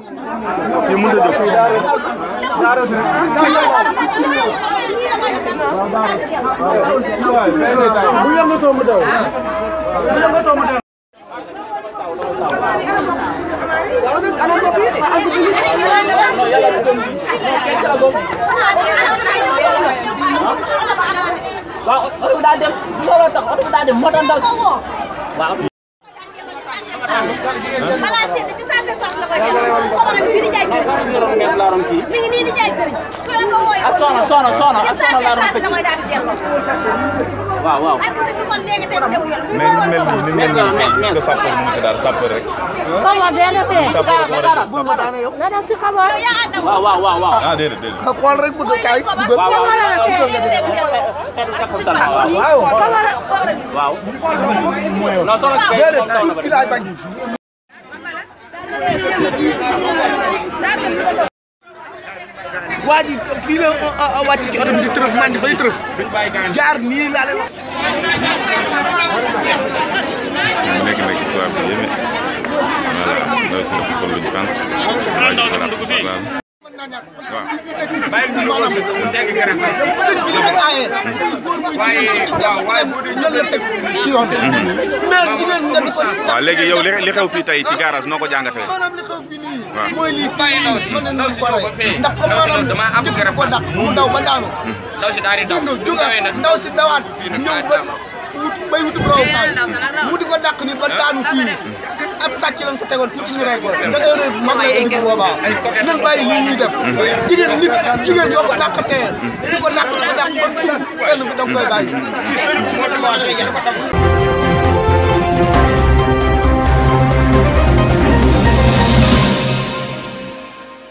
mënut a jóg bu yëngatoo mu daw bu yëngatoo mu daw waaw oto bi daa dem looloo tax oto bi daa dem moo doon daw waaw soxna si yoroon ngeen laaroon waaw waaw. waaw waa ji fii la euh, euh, euh, wàcc ci oto bi di tërëf mandi bay tërëf jaar nii laa leen wax. nekk na ci histoire bu yéeme voilà ndaw si dafa sol luñ fànt waa ji voilà waaw. waaye waaw waaye boo dee ñu la teg ci yoon. Mhm. waaw léegi yow li xew fii tey ci garage noo ko jàngatee. maanaam li xew fii nii. waaw mooy lii kii ndaw si ndaw si ko fee mu daw ba daanu. ndaw si daal di daw ndaw si dawaat ñëw ba wut bay wutu provocation mu di ko dàq ni ba daanu fii ab sàcc lañ ko tegoon tuuti ñu rey ko te erreur bu mag la indi bu boobaa nan bàyyi li ñuy def jigéen nit jigéen yoo ko dàq teel di ko dàq di ko dàq ba dugg fenn fi da koy bàyyi